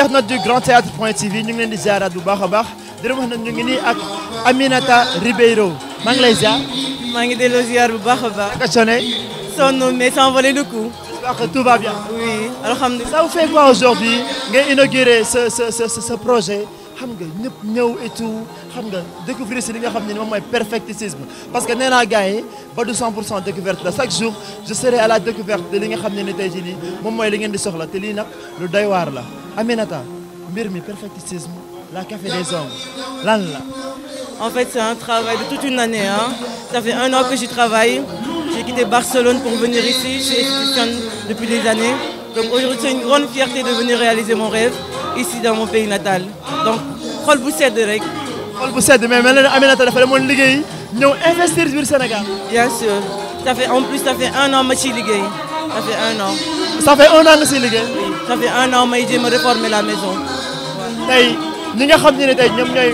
internet du grand théâtre point tv ñu ngi leen di Nous Aminata Ribeiro lay ziar ziar bu a mais sans le coup tout va bien oui ça vous fait quoi aujourd'hui ngay inaugurer ce ce ce ce projet xam nga et tout xam découvrir si li nga xam ne moom parce que nee naa pas yi ba 100 découverte chaque jour je serai à la découverte de li nga xam ne ni tey jii nii moom mooy li ngeen di soxla te lii nag lu doy waar la Aminata mbir mi la café des hommes lan la. en fait c'est un travail de toute une année hein ça fait un an que j'y travaille j'ai quitté Barcelone pour venir ici j'ai depuis des années donc aujourd'hui c'est une grande fierté de venir réaliser mon rêve ici dans mon pays natal donc xol bu sedd rek. xol bu sedd mais mel na ne Aminata dafa demoon liggéey ñëw investir biir Sénégal. bien sûr ça fait en plus ça fait un an ma ciy liggéey ça fait un an. ça fait un an nga ciy liggéey. ça fait un an may jéem a réformer la maison. tey ñi nga xam ne ne tey ñoom ñooy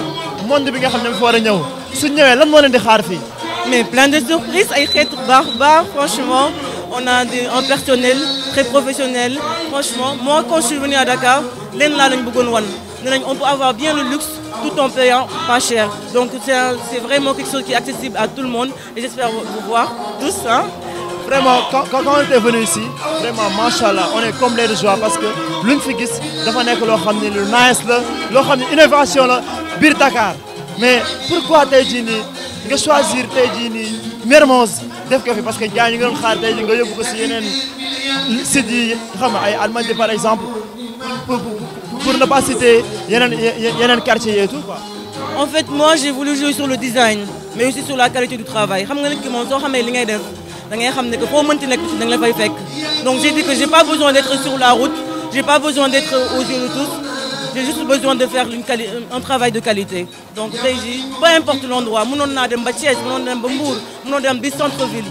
monde bi nga xam ne dafa war a ñëw su ñëwee lan moo leen di xaar fii. mais plein de surprises ay xeetu baax baax franchement on a du un personnel très professionnel franchement moi quand je suis venu à Dakar leen laa lañ bëggoon wan on peut avoir bien le luxe tout en payant pas cher. Donc c'est vraiment quelque chose qui est accessible à tout le monde et j'espère vous voir tous. Hein. Vraiment, quand, on est venu ici, vraiment, machallah, on est comme les joie parce que l'Unfigis, dafa nek lo xamni le nice la, lo innovation bir Mais pourquoi tay choisir tay Mermoz parce que jaay ñu ngi xaar tay nga ko ci par exemple pour ne pas citer un quartier et tout quoi. en fait moi j'ai voulu jouer sur le design mais aussi sur la qualité du travail xam nga que donc j'ai dit que je n'ai pas besoin d'être sur la route j'ai pas besoin d'être aux yeux de tous j'ai juste besoin de faire un travail de qualité donc peu importe l'endroit mënoon naa dem ba je mënoon dem nous Mbour je un centre ville.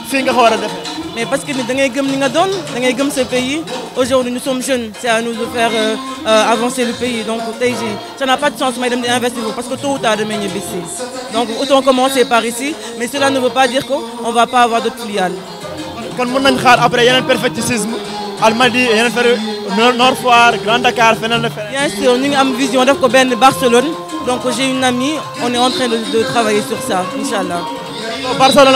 mais parce que nous da ce pays aujourd'hui nous sommes jeunes c'est à nous de faire euh, euh, avancer le pays donc ça n'a pas de sens mais d'investir parce que tout ou tard damay ñibbi donc autant commencer par ici mais cela ne veut pas dire qu'on ne va pas avoir d'autres filiales. Quand mën nañ xaar après yeneen perfecticisme Almadies un Nord Foire Grand Dakar feneen le bien sûr nous avons une vision de Barcelone donc j'ai une amie on est en train de travailler sur ça Inch'Allah. Barcelone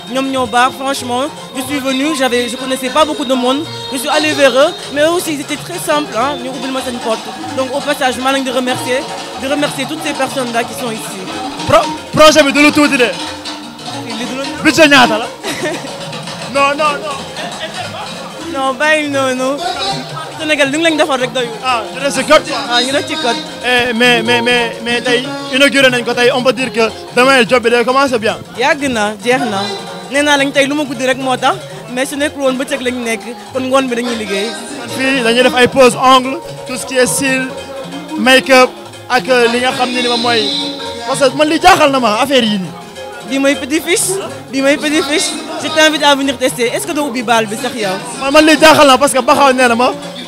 Bar, Franchement, je suis venu, j'avais, je connaissais pas beaucoup de monde. Je suis allé vers eux, mais eux aussi, ils étaient très simples. Hein, une porte. Donc, au passage, je m'en de remercier, de remercier toutes ces personnes-là qui sont ici. projet de est de là. Non, non, non. Non, bah, non, non. Sénégal, nous de faire avec d'ailleurs. Ah, c'est code. Ah, il reste code. Eh, mais, mais, mais, mais, inauguré, on peut dire que demain le job commence bien. Yagna, Djerna. nee naa lañ tey lu ma guddi rek moo tax mais su nekkul woon bëccëg lañ nekk kon ngoon bi dañuy liggéey. fii dañuy def ay pose ongle tout ce qui est cils make-up ak euh, li nga xam ne ni moom mooy parce man li jaaxal na ma affaire yi bii mooy petit fiche bii mooy petit fiche je t'invite à venir tester est-ce que doo ubbi baal bi sax yow. man man li jaaxal na parce que baxaw nee na ma.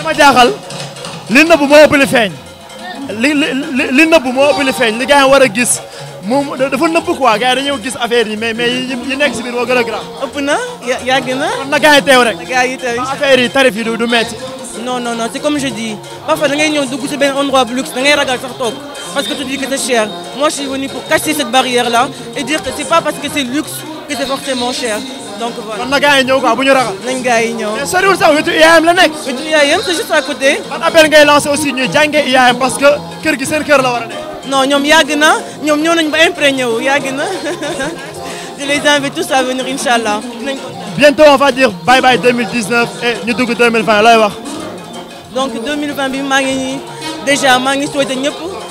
dama jaaxal li nëbb moo ëpp li feeñ li li li nëbb moo ëpp li feeñ li gars yi war a gis moom dafa nëbb quoi gars yi dañoo gis affaire yi mais mais yi nekk si biir moo gën a grave. ëpp na yàgg na. kon na gars yi teew rek. gars yi teew affaire tarif du du metti. non non non c'est comme je dis parfois da ngay ñëw dugg ci benn endroit bu luxe da ngay ragal sax toog parce que tu dis que c'est cher moi je suis venu pour casser cette barrière là et dire que c'est pas parce que c'est luxe que c'est forcément cher donc voilà kon na gars yi ñëw quoi bu ñu ragal. nañ gars yi ñëw mais soriwul sax wetu IAM la nekk. wetu IAM c'est juste à côté. ban appel ngay lancer aussi ñuy jàngee IAM parce que kër gi seen kër la war a nekk. non ñoom yàgg na ñoom ñëw nañ ba imprégné wu yàgg na je les invite tous à venir incha allah. bientôt on va dire bye bye 2019 et ñu dugg 2020 lay wax. donc 2020 bi maa ngi déjà maa ngi souhaité ñëpp.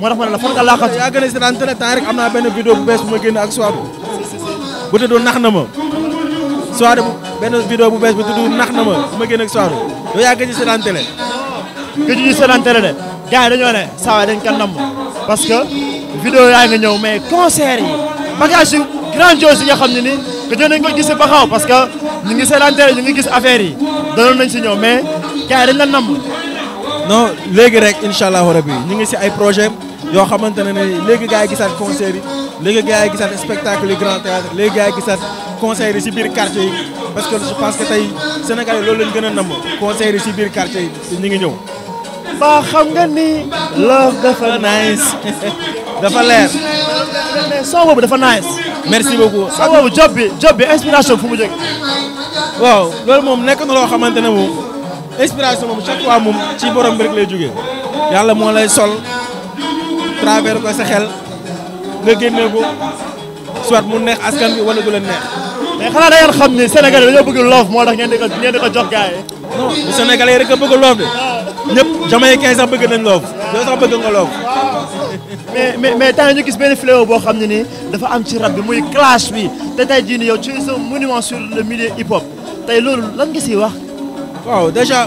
moo tax ma ne la fan nga laaxal yaa gën a seetaan te temps am naa benn vidéo bu bu ma génn ak Souadou bu tudd nax na ma Souadou benn vidéo bu bees bu tudd nax na bu ma génn ak Souadou yow yaa gën a seetaan télé gëj ñu seetaan télé de gars yi dañoo ne saa waay namm parce que vidéo yaa ngi ñëw mais concert yi bagage yu grandiose yi nga xam ne ni gëjoon nañ ko gis ba xaw parce que ñu ngi seetaan télé ñu ngi gis affaire yi danoon nañ si ñëw mais gars yi dañ la namm non léegi rek incha allahu rabi ñu ngi si ay projet yoo xamante ne ne léegi gars yi gisaat concert yi léegi gars yi gisaat spectacle yi grand théâtre léegi gars yi gisaat concert yi si biir quartier yi parce que je pense que tey Sénégal loolu lañ gën a namm concert yi si biir quartier yi te ñu ngi ñëw. ba xam nga ni. love dafa nice. dafa leer. soo boobu dafa nice. merci beaucoup. soo boobu job bi job fu mu jógee. waaw loolu moom nekk na loo xamante ne moom inspiration moom chaque fois moom ci borom bi rek lay jógee. yàlla moo lay sol. travers ko sa xel nga génne ko soit mu neex askan bi wala du leen neex. mais xanaa da ngeen xam ni Sénégal dañoo bëgg loof moo tax ngeen di ko ngeen di ko jox gars yi. non bu Sénégalais rek a bëgg loof de. Ah. ñëpp Jamaïcain sax bëgg nañ loof. yow sax bëgg nga loof. mais mais mais temps ñu gis benn fléau boo xam ne nii dafa am ci rab bi muy clash bi te tey jii nii yow tu es un monument sur le milieu hip hop tey loolu lan nga siy wax. waaw déjà.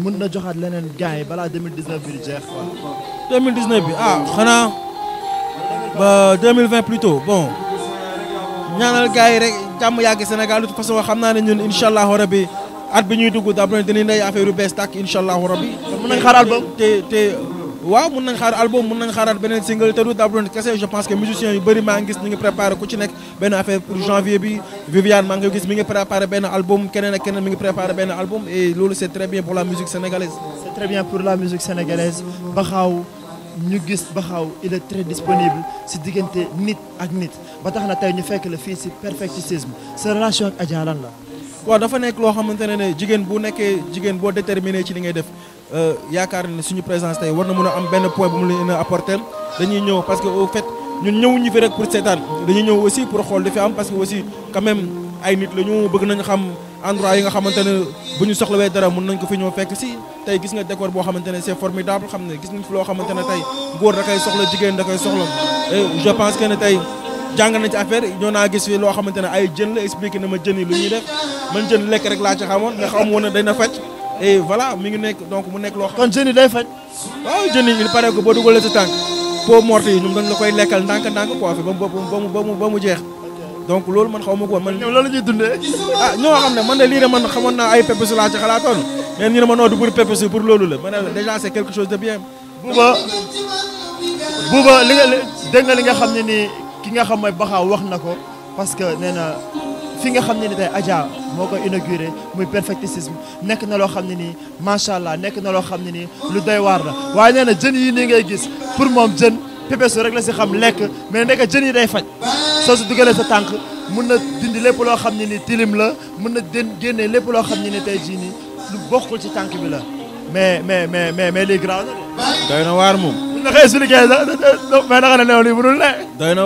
mën na joxaat leneen gars yi balaa 2019 bi di jeex quoi. 2019 bi ah xanaa ba 2020 plutôt bon ñaanal gars yi rek jàmm yàgg Sénégal de toute façon xam naa ne ñun incha allahu rabi at bi ñuy dugg d' après affaire yu bees tàkk incha allahu rabi. xaar album te te. waaw mun nañ xaar album mun nañ xaaraat beneen single te du dabloon kese je pense que musiciens yu bëri maa ngi gis ñu ngi préparé ku ci nekk benn affaire pour janvier bi Viviane maa ngi gis mi ngi préparé benn album keneen ak keneen mi ngi préparé benn album et loolu c'est très bien pour la musique sénégalaise. c'est très bien pour la musique sénégalaise Baxaw ñu gis Baxaw il est très disponible si diggante nit ak nit ba tax na tey ñu fekk la fii si perfecticisme sa relation ak Adja lan la. waaw dafa nekk loo xamante ne ne jigéen bu nekkee jigéen boo déterminé ci li ngay def. Euh, yaakaar ne suñu présence tey war na mën a am benn point bu mu leen a apporter dañuy ñëw parce que au fait ñun ñëwuñu fi rek pour seetaan dañuy ñëw aussi pour xool li fi am parce que aussi quand même ay nit la ñu bëgg nañ xam endroit yi nga xamante ne bu ñu soxlawee dara mën nañ ko fi ñëw fekk si tey gis nga décor boo xamante ne c'est formidable xam ne gis nañ fi loo xamante ne tey góor da koy soxla jigéen da pense ne tey jàng na ci affaire ñoo naa gis fi loo xamante ne ay jën la expliqué na ma laa ci xamoon nga xam et voilà mi ngi nekk donc mu nekk loo xam. kon jeunes yi day faj. waaw jeunes yi il paraît que boo dugalee sa tànk peau morte yi la koy lekkal ndànk-ndànk quoi ba mu ba mu ba mu jeex. donc loolu man xaw ma ko woon man. ñoom loolu ñuy dundee. ah ñoo xam ne man de lii de man xamoon naa ay pépés laa ci xalaatoon. mais ñu ne ma noo du pour pépés pour loolu la ma ne déjà c'est quelque chose de bien. Bouba Bouba li nga dégg nga xam ne nii ki nga xam mooy Baxa wax na ko parce que nee na. fi nga xam ne ni tey Adja moo ko inauguré muy perfecticisme nekk na loo xam ne nii macha allah nekk na loo xam ne nii lu doy waar la waaye nee na jën yi nii ngay gis pour moom jën pépésu rek la si xam lekk mais nekk jën yi day faj soo si dugalee sa tànk mun na dindi lépp loo xam ne ni tilim la mun na den génnee lépp loo xam ne ni tey jii nii lu bokkul ci tànk bi la mais mais mais mais mais lii garaaw de. doy na waar moom. na koy expliqué mais naka la néew lii mënul ne. doy na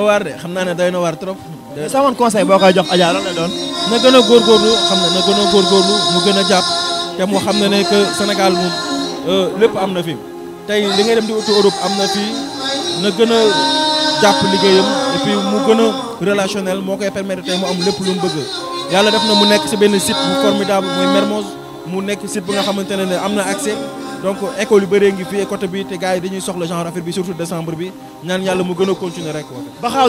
naa ne doy na waar trop. mais sama conseil boo koy jox Adja lan lay doon na góor a góorgóorlu xam ne na gën a góorgóorlu mu gën a jàpp te mu xam ne ne que Sénégal moom euh, lépp am na fi tey li ngay dem di uti Europe am na fi na gën a jàpp liggéeyam et puis mu gën a moo koy permettre tey mu am lépp lu mu bëgg yàlla def na mu nekk si benn site bu formidable mooy Mermoz mu nekk site bu nga xamante ne ne am na accès donc école yu bëree ngi fii côté bi te gars yi dañuy soxla genre affaire bi surtout décembre bi ñaan yàlla mu gën a rek. Baxaaw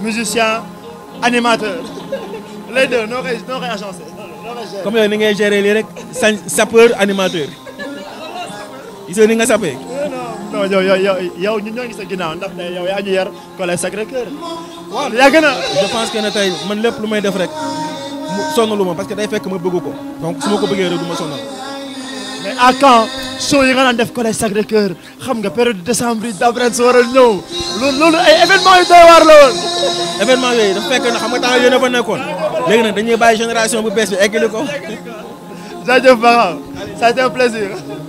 musicien, animateur. Les deux, non, non Comme Comment vous avez géré les Sapeur, animateurs Ils ont à Non, non, non, Non, non... non, non, non, non, non, yow non, collège Sacré-Cœur je pense que ne non, man non, lu may def rek parce que day fekk ma bëgg ko donc su ma ko bëggee rek mais à quand show yi nga collège Sacré-Cœur xam nga période décembre yi waral loolu loolu ay événement yu doy waar la woon. événement yooyu dafa fekk na xam nga temps yéen a fa nekkoon léegi nag dañuy bàyyi génération bu bees bi eggali ko. jaajëf Bara ça a été un plaisir.